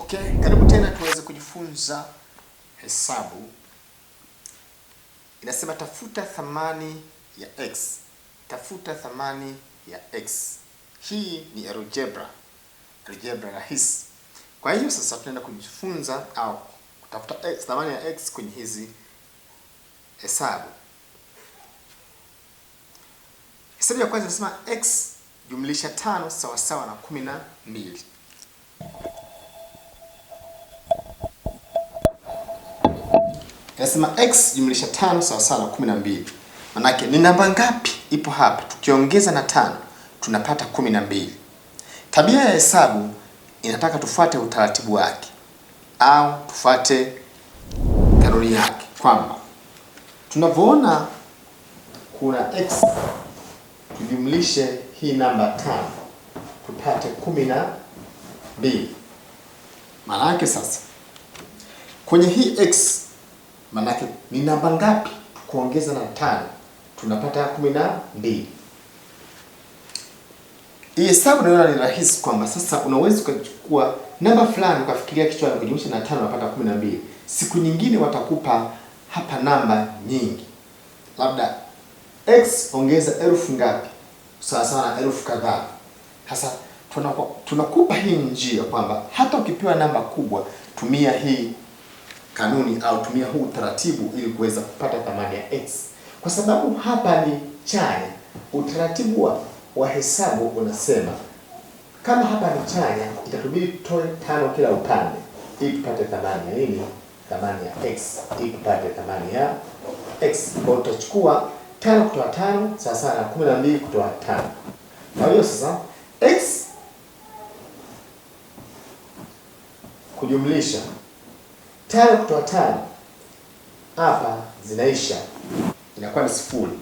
Okay, karibu tena tuweze kujifunza hesabu. Inasema tafuta thamani ya x, tafuta thamani ya x. Hii ni algebra, algebra rahisi. Kwa hiyo sasa tunaenda kujifunza au kutafuta x, thamani ya x kwenye hizi hesabu. Hesabu ya kwanza inasema x jumlisha tano sawasawa na kumi na mbili. Nasema x jumlisha tano sawa sawa na kumi na mbili. Manake ni namba ngapi ipo hapa? Tukiongeza na tano tunapata kumi na mbili. Tabia ya hesabu inataka tufuate utaratibu wake au tufuate kanuni yake, kwamba tunavyoona kuna x tujumlishe hii namba tano tupate kumi na mbili. Maana yake sasa kwenye hii x Manake ni namba ngapi? Kuongeza na tano tunapata kumi na mbili. Hii hesabu naona ni rahisi kwamba sasa unaweza ukachukua namba fulani ukafikiria na kujumlisha na tano unapata kumi na mbili. Siku nyingine watakupa hapa namba nyingi, labda x ongeza elfu ngapi sawa sawa na elfu kadhaa. Sasa tunakupa hii njia kwamba hata ukipewa namba kubwa tumia hii kanuni au tumia huu utaratibu ili kuweza kupata thamani ya x, kwa sababu hapa ni chanya. Utaratibu wa, wa hesabu unasema kama hapa ni chanya, itatubidi tutoe tano kila upande ili tupate thamani ya nini? Thamani ya x, ili tupate thamani ya x. Kwa utachukua tano kutoa tano sawasawa na kumi na mbili kutoa tano. Kwa hiyo sasa x kujumlisha tano kutoa tano hapa zinaisha, inakuwa ni sifuri.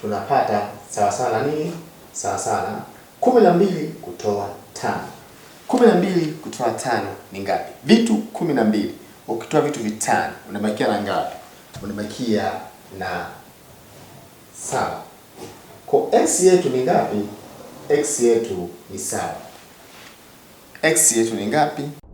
Tunapata sawa sawa na nini? Sawa sawa na kumi na mbili kutoa tano. Kumi na mbili kutoa tano ni ngapi? Vitu kumi na mbili ukitoa vitu vitano unabakia na ngapi? Unabakia na saba. Kwa x yetu ni ngapi? X yetu ni saba. X yetu ni ngapi?